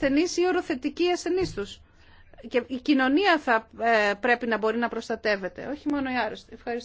ασθενεί ή οροθετικοί ασθενεί του. Και η κοινωνία θα ε, πρέπει να μπορεί να προστατεύεται, όχι μόνο οι άρρωστοι. Ευχαριστώ.